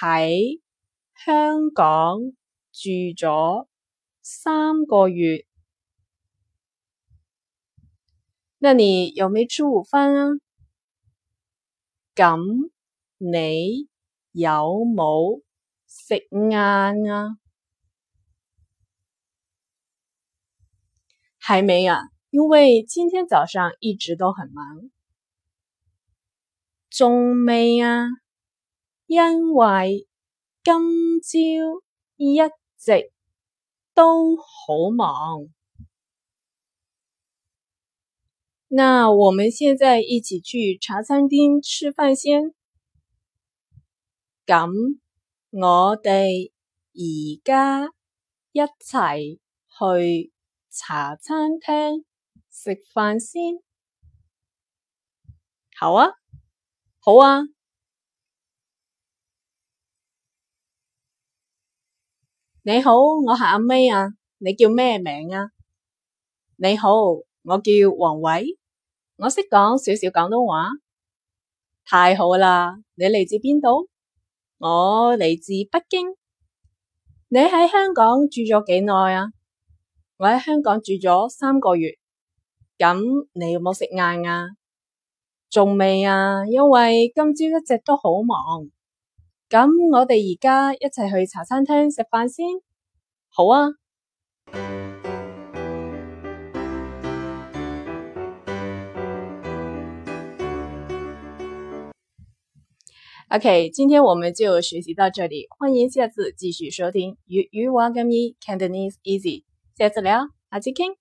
喺香港住咗三個月，那你有沒有吃午飯啊？咁你有冇食晏啊？還沒啊，因為今天早上一直都很忙，仲未啊。因為今朝一直都好忙，那我們現在一起去茶餐廳吃飯先。咁我哋而家一齊去茶餐廳食飯先。好啊，好啊。你好，我係阿 May 啊，你叫咩名啊？你好，我叫王偉，我識講少少廣東話。太好啦，你嚟自邊度？我嚟自北京。你喺香港住咗幾耐啊？我喺香港住咗三個月。咁你有冇食晏啊？仲未啊，因為今朝一直都好忙。咁我哋而家一齊去茶餐廳食飯先。好啊。OK，今天我們就學習到這裏，歡迎下次繼續收聽粵語話講易，Cantonese Easy 下、啊。下次聊，下次傾。